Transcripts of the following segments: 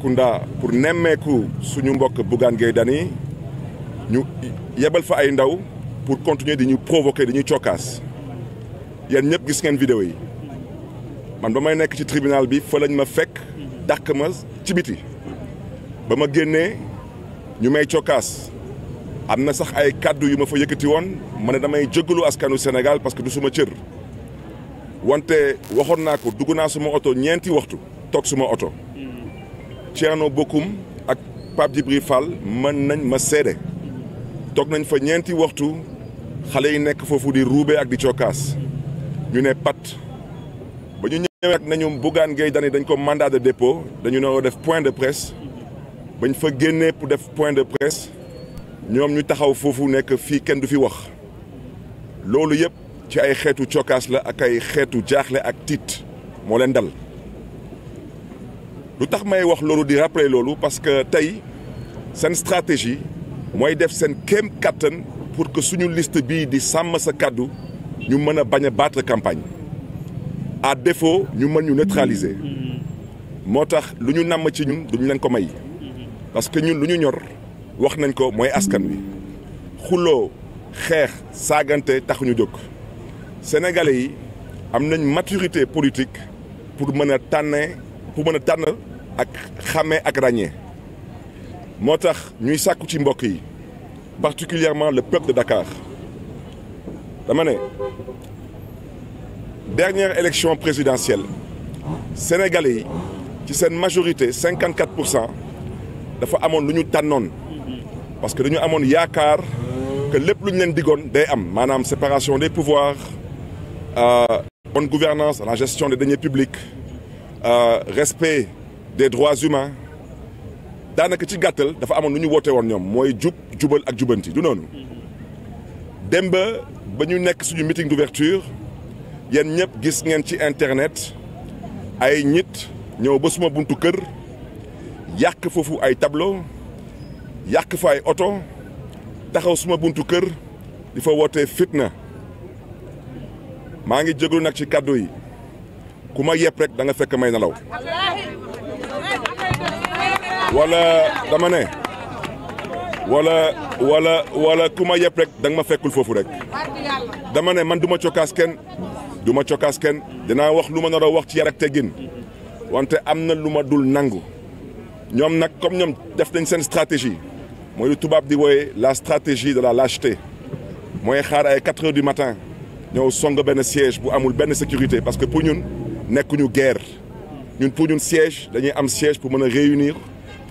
kunda pour nemeku suñu mbokk bugan Gueye Dany ñu yebal fa ay ndaw pour continuer di ñu provoquer di ñu cokkaas yeen ñep gis ngeen vidéo yi man bamay nek ci tribunal bi fa lañ ma fekk dàq ma ci biti bama ma ñu may cokkaas amna sax ay cadeau yu ma fa yëkëti won mané damay jégalu askanu Sénégal parce que du suma cër wante waxon naa ko dugg suma auto ñenti waxtu tok suma auto Thierno Bocoum ak Pape Djibril Fall mën nañ ma seede toog nañ fa ñeenti waxtu xale yi nekk foofu di ruube ak di cokkaas ñu ne pat ba ñu ñëwee ak nañu Bougane Gueye Dany dañ ko mandaa de dépôt dañu noo def point de presse bañ fa génnee pour def point de presse ñoom ñu taxaw foofu nekk fii kenn du fi wax loolu yëpp ci ay xeetu cokaas la ak ay xeetu jaaxle ak tiit moo leen dal Je voudrais may rappeler parce que c'est une stratégie pour que suñu liste bi di sa ñu battre campagne à défaut nous devons ñu neutraliser Nous lu ci leen ko parce que ñun lu ñor wax nañ ko askan wi sénégalais yi am maturité politique pour nous. pour ak Khamé ak ragné Nuissa Koutimboki, ñuy particulièrement le peuple de Dakar dama dernière élection présidentielle sénégalais qui ci une majorité 54 dafa amone parce que dañu avons yaakaar que les plus len digone day am manam séparation des pouvoirs euh, bonne gouvernance la gestion des deniers publics euh, respect de droits humains daanaka ci gàttal dafa amoon lu ñu woote woon ñoom mooy jub jubal ak jubanti du noonu dem ba ba ñu nekk suñu meeting d'ouverture yéen ñëpp gis ngeen ci internet ay ñit ñëw ba suma buntu kër yàq foofu ay tableau yàq fa ay oto taxaw suma buntu kër di fa wootee fitna maa ngi jégalu nag ci kàddu yi ku ma yëpp rek danga fekk may nelaw wala dama ne wala wala wala kuma yep rek da ma fekkul fofu rek dama ne man du ma ken duma du ken dina wax luma ma wax ci yarak ak wante amna na dul nangu ñom nak comme ñom def nañ sen stratégie moy lu tubab di wooye la stratégie de la lâcheté moy xaar ay 4 heures du matin ñeu song ben siège bu amul ben sécurité parce que pour ñun ñu guerre ñun pour ñun siège dañuy am siège pour mën réunir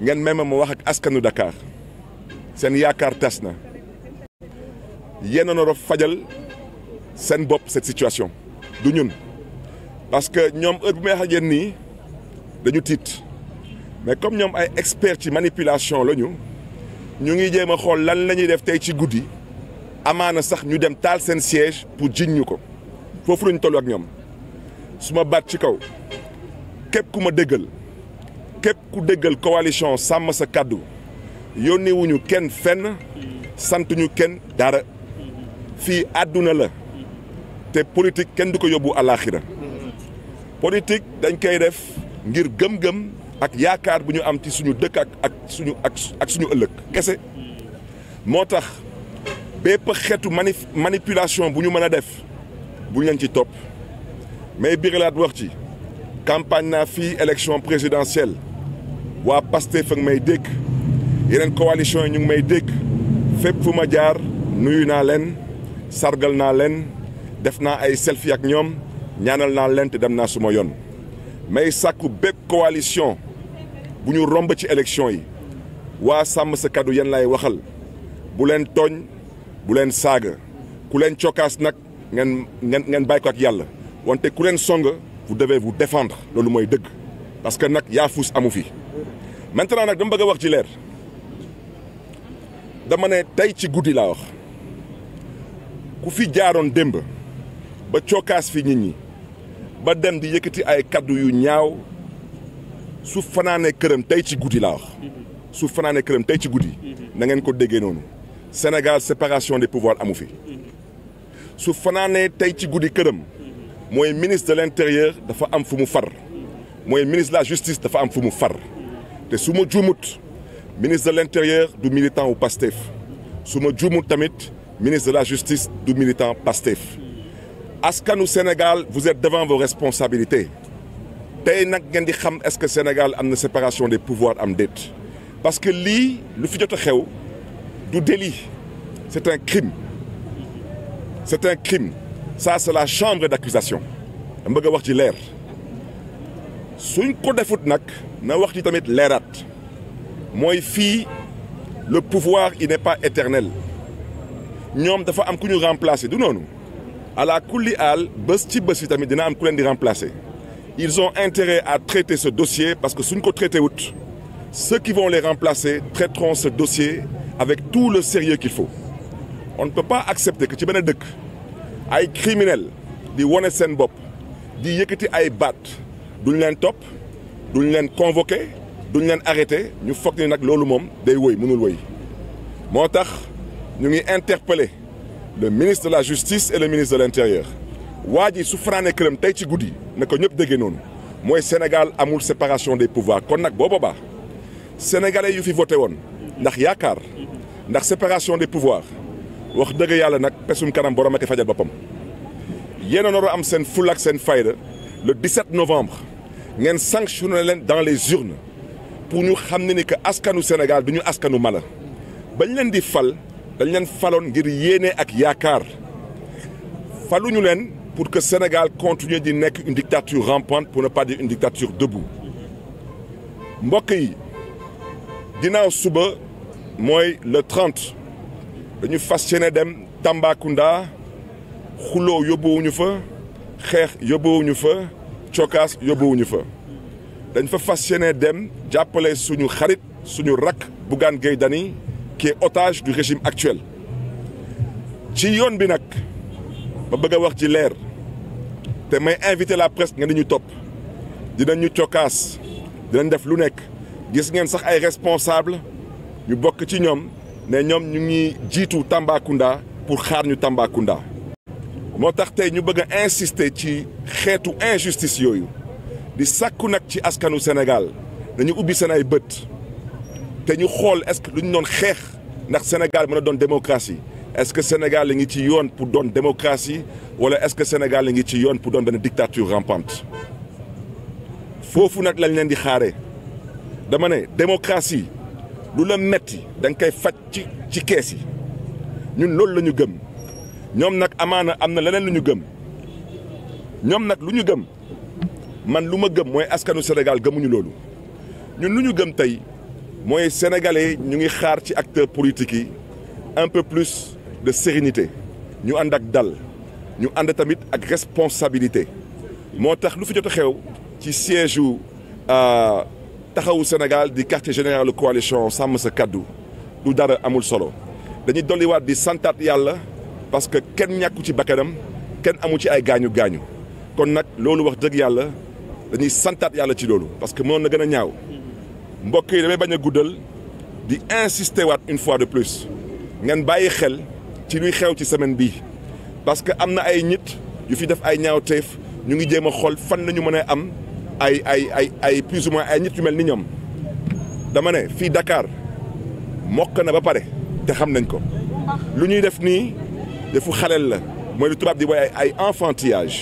ngeen may ma ma wax ak askanu Dakar seen yaakaar tas na yéen a fajal seen bopp cette situation du ñun parce que ñoom heure bu may wax nii dañu tiit mais comme ñoom ay experts ci manipulation la ñu ñu ngi jéem a xool lan la ñuy def tey ci guddi amaana sax ñu dem taal seen siège pour jiñ ñu ko foofu lañu toll ak ñoom su ma baat ci kaw képp ku ma déggal. képp ku déggal coalition sàmm sa kàddu yónni wuñu kenn fenn santuñu kenn dara Fi aduna la te politique ken du ko alakhira. politique dañ koy def ngir gëm-gëm ak yakar bu ñu am ci suñu dëkk ak ak suñu ak ak suñu ëllëg kese moo tax bépp manipulation bu ñu mën a def bu ñu ci topp mais birilaat wax ci campagne na fi élection présidentielle wa Pastef ak may dégg yeneen coalition yi ñu ngi may dégg fépp fu ma jaar nuyu naa sargal naa leen def ay selfie ak ñoom ñaanal naa leen te dem naa suma yoon may sàkku bépp coalition bu ñu romb ci élection yi waa sàmm sa kàddu yéen lay waxal bu leen tooñ bu leen saaga ku leen cokaas nag ngeen ngeen ngeen ko ak yàlla wante ku leen song vous devez vous défendre loolu mooy dëgg parce que nag yaa fuus amu fi maintenant nag dama bëgg wax ci leer dama ne tey ci guddi laa wax ku fi jaaroon démb ba cokaas fi nit ñi ba dem di yëkkati ay kaddu yu ñaaw su fanaanee këram tey ci guddi laa wax su fanaanee këram tey ci guddi na ngeen ko déggee noonu Sénégal séparation des pouvoirs amu fi su fanaanee tey ci guddi këram mooy ministre de l'intérieur dafa am fu mu far mooy ministre de la justice dafa am fu mu far de Soumo ministre de l'intérieur du militant au Pastef Soumo Djoumout tamit ministre de la justice du militant Pastef nous Sénégal vous êtes devant vos responsabilités est-ce que Sénégal a une séparation des pouvoirs parce que li le fi de du délit c'est un crime c'est un crime ça c'est la chambre d'accusation Je vais vous wax suñ ko defut nak na wax ci tamit lérat moy fi le pouvoir il n'est pas éternel ñom dafa am ku ñu remplacer du nonu ala kulli aal bés ci tamit dina am ku leen di remplacer ils ont intérêt à traiter ce dossier parce que suñ ko traité wut ceux qui vont les remplacer traiteront ce dossier avec tout le sérieux qu'il faut on ne peut pas accepter que ci benn deuk ay criminels di wone sen bop di yëkëti ay duñ leen topp duñ leen convoqué duñ leen arrêté ñu fokk ni day mënul interpellé le ministre de la justice et le ministre de l'Intérieur. intérieur waa ji su këram tey ci guddi na ko ñëpp le Sénégal amul séparation des pouvoirs kon nag boo sénégalais yu fi voté woon ndax séparation des pouvoirs wax dëgg yàlla nag pesum kanam borom ak fajal boppam le 17 novembre ngeen sanctionné dans les urnes pour nous xam que askanu Sénégal du ñu askanu mala bañ leen di fal dañ leen faloon ngir Nous ak yaakaar faluñu leen pour que Sénégal continue di une dictature rampante pour ne pas dire une dictature debout mbokk yi ginnaaw suba le 30 dañu fas yéene Tamba Tambacounda Khulo de fa xeex yóbbuwuñu fa cokaas yóbbuwuñu fa dañ fa dem jàppale suñu xarit suñu qui est otage du régime actuel ci yoon bi bëgg wax ci may invité la presse nga ñu topp dinañ dinañ def lu nekk gis ngeen sax ay responsable ñu bokk ci ñu ngi pour xaar moo tax tey ñu bëgg a insister ci xeetu injustice yooyu di sàkku nag ci askanu Sénégal dañu ubbi seen ay bët ñu xool est-ce que lu ñu doon xeex ndax Sénégal mën a démocratie est-ce que Sénégal la ngi ci yoon pour doon démocratie wala est-ce que Sénégal la ngi ci yoon pour doon benn dictature rampante foofu nag lañ leen di xaaree dama ne démocratie lu la metti da nga koy faj ci ci kees yi ñun loolu la gëm ñom nak amana nous leneen avons ñu gëm ñom nak luñu gëm man luma gëm moy askanu Sénégal nous lolu ñun Nous gëm tay sénégalais ñu ngi xaar ci acteurs politiques un peu plus de sérénité ñu Nous ak dal ñu tamit ak responsabilité moo tax lu fi xew ci siège euh, taxawu Sénégal di quartier général de coalition sàmm sa du dara amul solo dañuy di parce que kenn ñàkku ci bakkanam kenn amu ci ay gaañu gaañu kon nag loolu wax dëgg yàlla dañuy santaat yàlla ci loolu parce que mënoon na gën a ñaaw mbokk yi damay bañ a guddal di insister waat une fois de plus ngeen bàyyi xel ci luy xew ci semaine bii parce que am na ay nit yu fi def ay ñaaw ñaawteef ñu ngi jéem a xool fan la ñu mën a am ay ay ay ay plus ou moins ay nit yu mel ni ñoom dama ne fii dakaar mokk na ba pare te xam nañ ko lu ñuy def nii. defu xaleel la mooy lu tubaab di booy ay enfantillage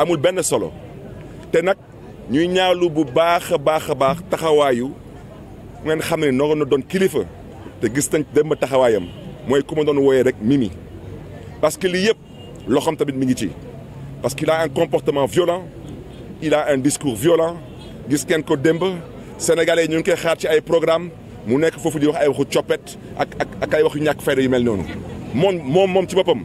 amul benn solo te nag ñuy ñaawlu bu baax a baax a baax taxawaayu ngeen xam ne noo na doon kilifa te gis nañ dem taxawaayam mooy ku ma doon wooyee rek mimi parce que lii yëpp loxoom tamit mi ngi ci parce que a un comportement violent il a un discours violent gis ngeen ko démb sénégalais ñu ngi koy xaar ci ay programme mu nekk foofu di wax ay waxu coppet ak ak ak ay waxu ñàkk fayda yu mel noonu moom moom moom ci boppam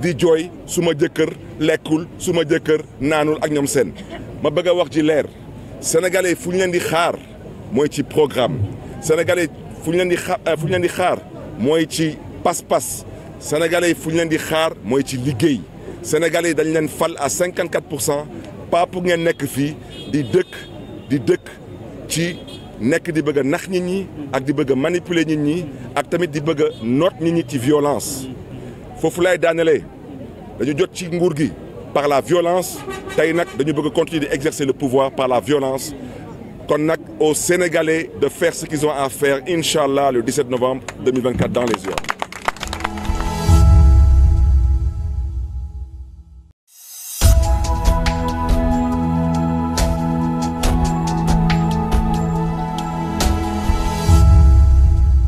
di joy, suma ma jëkkër suma su ma ak ma bëgg wax ji lèr sénégalais fu di xaar programme sénégalais fu di euh, fu di xaar moy ci passe. sénégalais fu di xaar ci sénégalais dañ leen fal à 54 pas pour ngeen nekk fi di dëkk di dëkk ci nek di bëgg nax ñi ak di bëgg manipuler nit ñi ak tamit di bëgg note violence il faut dañu par la violence nous devons continuer d'exercer le pouvoir par la violence qu'on aux Sénégalais de faire ce qu'ils ont à faire inshallah, le 17 novembre 2024 dans les yeux.